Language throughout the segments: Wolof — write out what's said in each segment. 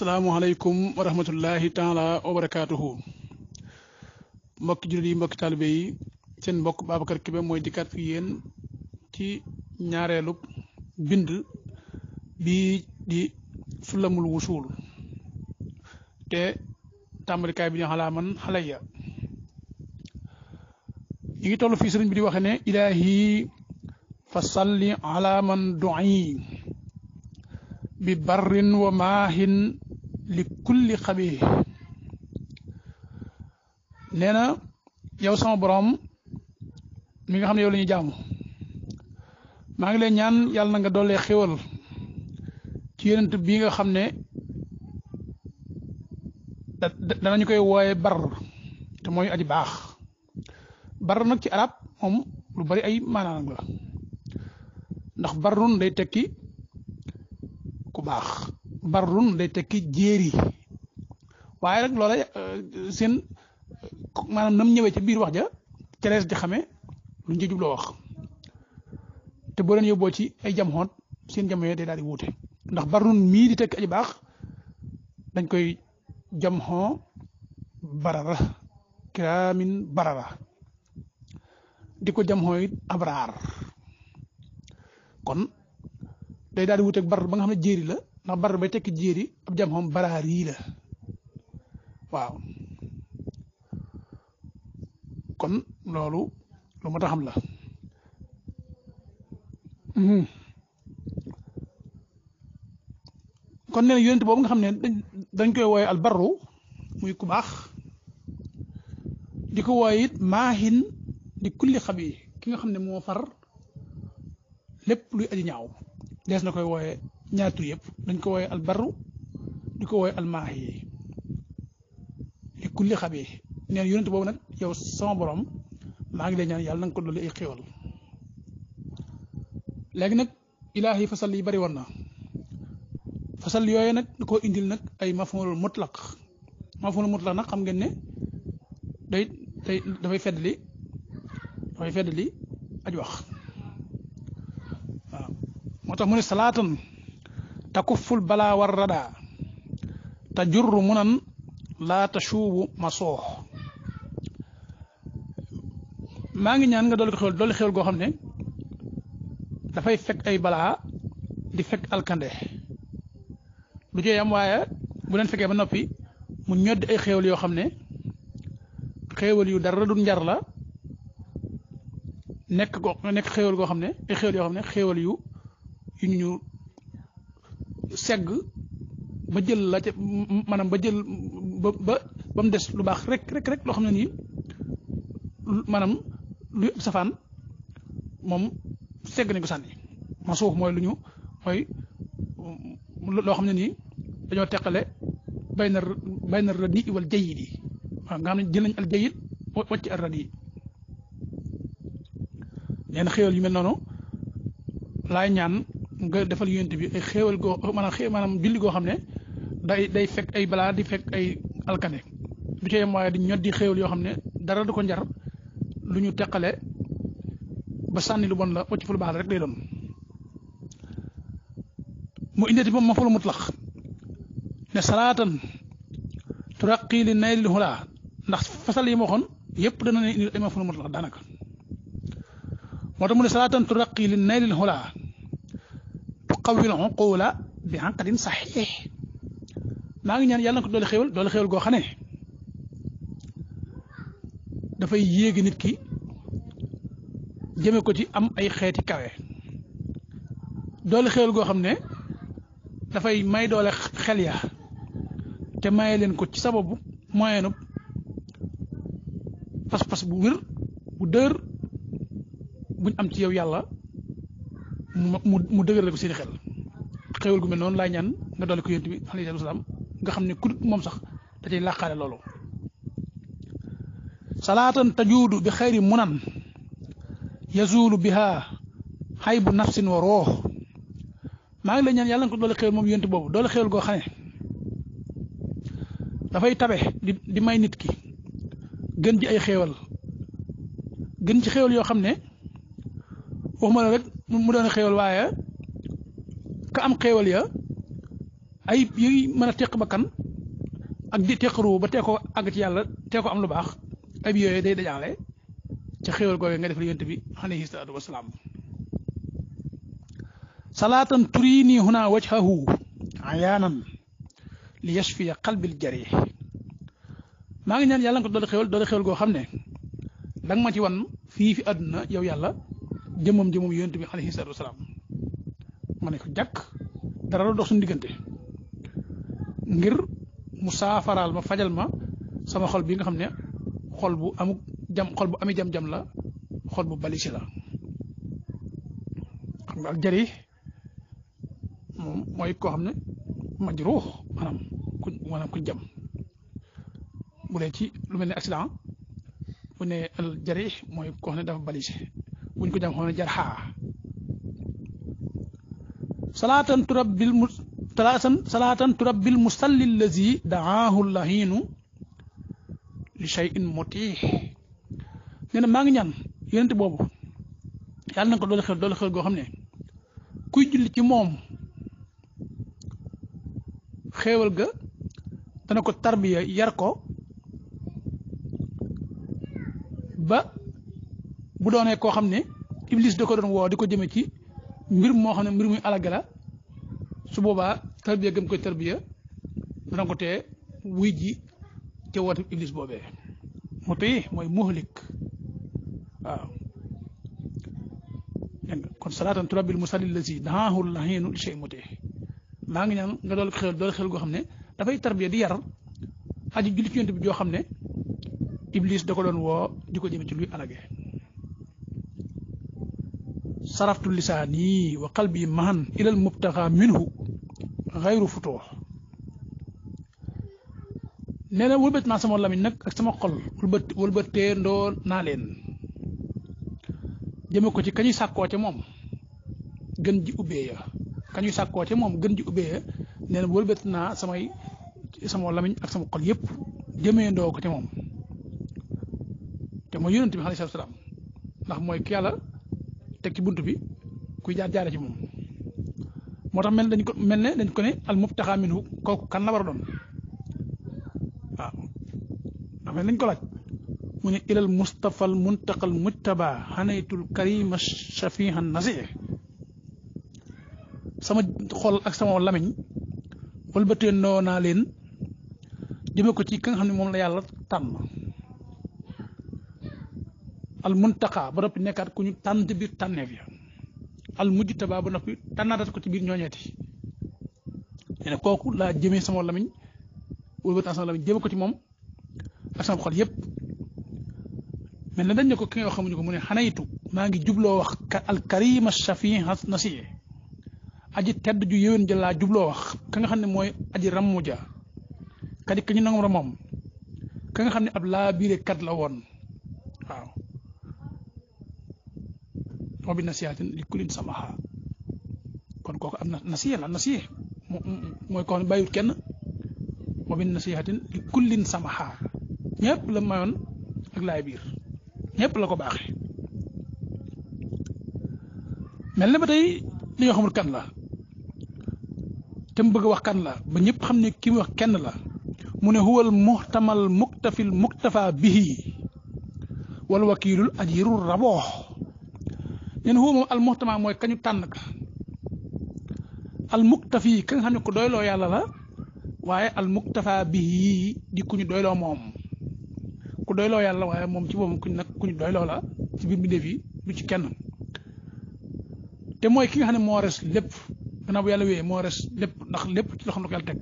asalaamualeykum wa rahmatullahi taala wa barakaatuhu mbokki jullit mbokki taalibe yi seen mbokk Babacar Kébé mooy dikkaat fi yéen ci ñaareelu bind bii di sulamul wusuul te tàmbalikaay bi ñu xalaa yi ngi toll fii sëriñ bi di waxe ne ilaahi fa salli ala man du'i bi barrin wa maahin li kulli xabiir nee na yow sama borom mi nga xam ne yow la ñuy jaamu maa ngi lay ñaan yàlla na nga doolee xéwal ci yonent bii nga xam ne danañu koy wooye bar te mooy aji baax bar nag ci arab moom lu bari ay maanaam la ndax barun day tekki ku baax barrun day tekki jéeri waaye rek loola euh, seen maanaam nam ñëwee ci biir wax ja ca lees di xamee lu ñu jubloo wax te boo leen yóbboo ci ay jam xoon seen jam yooyu day daal di wuute ndax barrun mii di tekki aji dañ koy jam xoon barara ko jam kon day daal di wuuteeg bar ba nga xam ne jéeri la ndax bar bay tekki jéeri ab jam xom baraar yii la waaw kon loolu lu ma taxam la hmm. kon nee na yonent boobu nga xam ne dañ koy wooye albarru muy ku baax di ko wooye it maahin di ki nga xam ne moo far lépp luy aji ñaaw dees na koy wooye ñaatu yëpp dañ ko wooye albarru di ko wooye almaahi yi li kulli xabi neen yonent boobu nag yow sama borom maa ngi lay ñaan yàlla nanga ko dolli ay xéwal léegi nag ilaahi fasal yi bari woon na fasal yooyu nag da ko indil nag ay mafulul mutlaq mafulul mutlaq nag xam ngeen ne day day dafay feddali li feddali aj wax waaw moo tax mu ne salaatan takufful balaa war radaa te jurru munan laa tashuubu ma soox maa ngi ñaan nga dolli ko xéwal goo xam ne dafay fekk ay balaa di fekk alkande lu jooy am waaye bu leen fekkee ba noppi mu ñoddi ay xéwal yoo xam ne xéwal yu dara du njar la nekk go nekk xewel goo xam ne ay xéwal yoo xam ne xéwal yu segg ba jël la ca maanaam ba jël ba ba ba mu des lu baax rek rek loo xam ne nii maanaam luy safaan moom segg nañ ko sànni ma suuf mooy lu ñu mooy loo xam ne nii dañoo teqale bay na bay na radi wal jayid yi waaw nga ne jël nañ al jayid wàcc al radi nee na xéwal yu noonu laay ñaan nga defal yonent bi ay xéewal goo maanaam goo xam ne day day fekk ay balaa di fekk ay alkane du ca yem waaye di ñot di yoo xam ne dara du ko njar lu ñu teqale ba sànni lu bon la wacc fu lu baax rek day doon mu indeti moom ma fa lu mutlax ne salaatan turaqi li naylil xulaa ndax fasal yi ma waxoon yëpp dana ne indi ay ma fa lu daanaka moo tax mu ne salaatan turaqi li naylil xulaa qawil uqula bi aqdin saxiix maa ngi ñaan yàlla na ko doole xéwal doole xéwal goo xam ne dafay yéegi nit ki jëme ko ci am ay xeeti doole xéwal goo xam ne dafay may doole xel ya te maye leen ko ci sababu moyenub pas-pas bu wér bu dër buñ am ci yow yàlla mu mu dëgërale ko seen xel xéwal gu mel noonu laay ñaan nga dolli ko yonent bi alayhi nga xam ne ku moom sax da cay làqaale loolu salaatan tajuudu bi xayri munan yazuulu biha xaybu nafsin wa maa ngi lay ñaan yàlla nga ko doole xéwal moom yonent boobu doole xéwal goo xam ne dafay tabe di di may nit ki gën ci ay xéwal gën ci xéwal yoo xam ne waxuma rek mu doon xéewal waaye ka am xéewal ya ay yi mën a teq bakkan ak di teq ruu ba tee ko ci yàlla tee am lu baax ay bi yooyu day dajaale ca xéewal googu nga def la yonent bi alayhi salaatu wasalaam salaatan turini huna wajhahu ayaanan li yashfiya qalbil jarih maa ngi ñaan yàlla nga ko doole xéewal doole xéewal goo xam ne danga ma ci wan fii fi àdduna yow yàlla jëmmam jëmmam yonent bi alayhi salaatu wasalaam ma ne ko jàkk dara la dox suñu diggante ngir mu saafaraal ma fajal ma sama xol bi nga xam ne xol bu amu jam xol bu ami jam-jam la xol bu balisi la xam nga ak jëri moom mooy koo xam ne majruux maanaam ku jam bu dee ci lu mel ne accident bu ne al jëri mooy koo xam ne dafa balisi buñ ko jàng xoo ne jarxaa salaatan turabbil mu salaatan salaatan turabbil musalli allazi li shay'in mutih nee na maa ngi ñaan yonente boobu yàlla na ko doolu xel doolu xel goo xam ne kuy julli ci moom xéewal ga dana ko tarbiya yar ko ba bu doonee koo xam ne iblis da ko doon woo di ko jëme ci mbir moo xam ne mbir muy alaga la su boobaa tarbiya gëm koy tarbiya dana ko tee wuy ji ca woote iblis boobee mu tey mooy muhlik waaw dégg nga kon salaatan turabil musalli lazi daahu lahiinu shay mu tey maa ngi ñaan nga dool xel dool xel goo xam ne dafay tarbiya di yar aji julli ci yonent bi joo xam ne iblis da ko doon woo di ko jëme ci luy alage saraftu lisaani wa qalbi mahan ilal mubtaxa minhu xayru futoox nee na naa sama lamiñ nag ak sama xol wëlbët ndoo naa leen jëme ko ci kañuy sàkkoo ca moom gën ji ubbee ya kañuy sàkkoo ca moom gën ji ubbee ya nee naa samay sama lamiñ ak sama xol yépp jëmee ndoo ko ca moom te mooy yonent bi alayhi salaam ndax mooy ki yàlla teg ci bunt bi kuy jaar jaare ci moom moo tax mel dañ ko mel ne dañ ko ne al mubtaxa minhu kooku kan la war a doon waaw am dañ ko laaj mu ne ilal mustafa al muntaqa al mujtaba xanaytul karima shafihan nasih sama xol ak sama lamiñ wëlbatee noo naa leen jëme ko ci ka nga xam ne moom la yàlla tànn al muntaqa ba noppi nekkaat ku ñu tànn ci biir tànneef ya al mujtaba ba noppi tànnaatat ko ci biir ñooñeeti nee kooku laa jëmee sama lamiñ wëlbataan sama lamiñ jëme ko ci moom ak sama xol yépp mel na dañ ne ko ki nga mu ne xanaytu maa ngi jubloo wax al karima shafii nasiye aji tedd jubloo wax ka nga xam ne mooy aji rammu kadi ka ñu nangam moom ka xam ne ab laa biire kat la woon waaw wa bi nasihatin li kulin samaha kon kooku am na nasiha la nasiha mooy kon bàyyiwut kenn wa bi li kullin samaha ñëpp la mayoon ak laay biir ñëpp la ko baaxee mel na ba tey li ñoo kan la te mu bëgg wax kan la ba ñëpp xam ne ki wax kenn la mu ne huwal muxtamal muktafil muktafa bihi wal wakiilul ajirul raboox nee na moom al muxtama mooy kañu tànn al muktafi ka nga xam ne ko doyloo yàlla la waaye al muktafa bii di ku ñu doyloo moom ku doyloo yàlla waaye moom ci boobu kuñ nag la ci biir mbindeef yi du ci kenn te mooy ki xam ne moo res lépp gannaaw bu lépp ndax lépp ci loo xam ne ko yàlla teg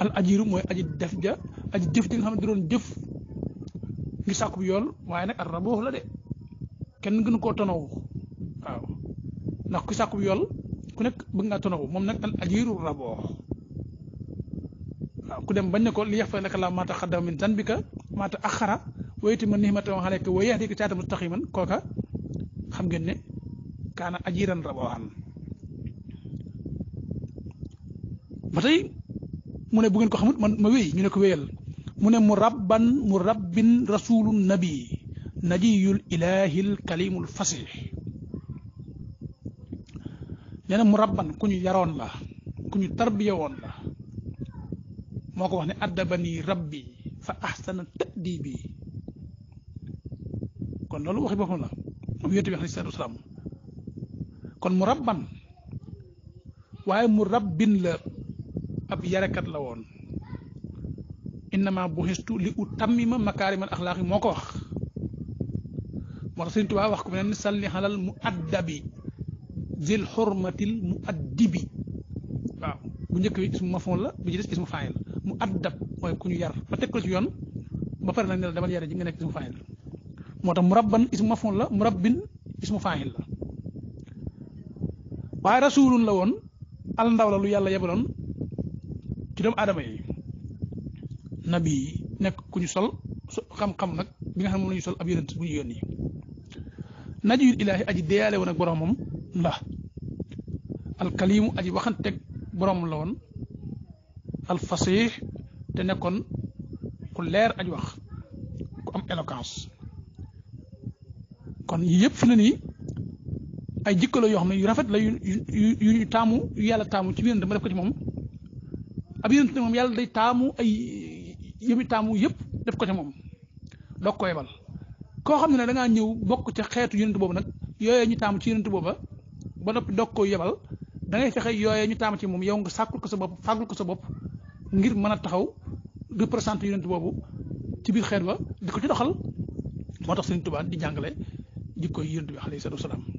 al ajiru mooy aji def ja aji jëf ji nga xam di doon jëf ngi sàkku yool waaye nag ar raboox la de kenn gënu koo tonawu waaw ndax ku sàkku yool ku nekk bëgg ngaa tonawu moom nag al ajiru raboo ku dem bañ ne ko li yax fa laka la maata xaddama min zanbika maata axara wayti ma nihmata alayka wa xam ngeen ne kaana ajiran raboohan ba tey mu ne bu ngeen ko xamut ma wéy ñu ne ko wéyal mu ne mu rabban mu rabbin rasulun nabi najiyul ilaahil kalimul fasih mu rabban ku ñu yaroon la ku ñu tarbiya woon la moo ko wax ne addabani rabbi fa ahsana ta'dibi kon loolu waxi boppam la moom yonent bi alayhi salaatu wa salaam kon mu waaye mu rabbin la ab yarekat la woon innama buxistu li utammima makaarimal axlaaqi moo ko wax moo tax sëñ Tuubaa wax ko beneen salli xalal mu addabi zil xormatil mu njëkk bi ismu mafoon la bu ci des ismu faayil la mu addab mooy ku ñu yar ba ko ci yoon ba pare la demal yare nga nekk ismu faayil moo tax mu rabban ismu mafoon la mu rabbin ismu la waaye rasulun la woon al la lu yàlla yebaloon ci doomu aadama yi nabi yi nekk ku ñu sol xam-xam nag bi nga xam ne moom sol ab yonent bu ñu yónni najiyul ilaahi aji deyaale woon ak boromam la alkalimu aji waxanteeg borom la woon alfasix te nekkoon ku leer aji wax ku am éloquence kon yii yëpp fi ne nii ay jikkaloo yoo xam ne yu rafet la yu yu ñu taamu yu yàlla taamu ci biir dama def ko ci moom ab yéen ne moom yàlla day taamu ay yëmi taamu yëpp def ko ci moom doog ko yebal koo xam ne ne ñëw bokk ca xeetu yonent boobu nag yooyee ñu taamu ci yonent booba ba noppi doog ko yebal da ngay fexe yooyee ñu taamu ci moom yow nga sàkkul ko sa bopp fàggul ko sa bopp ngir mën a taxaw représenté yonent boobu ci biir xeet ba di ko ci doxal moo tax Sëriñ Tuubaa di jàngale jikko koy yonent bi alayhi salaatu wa salaam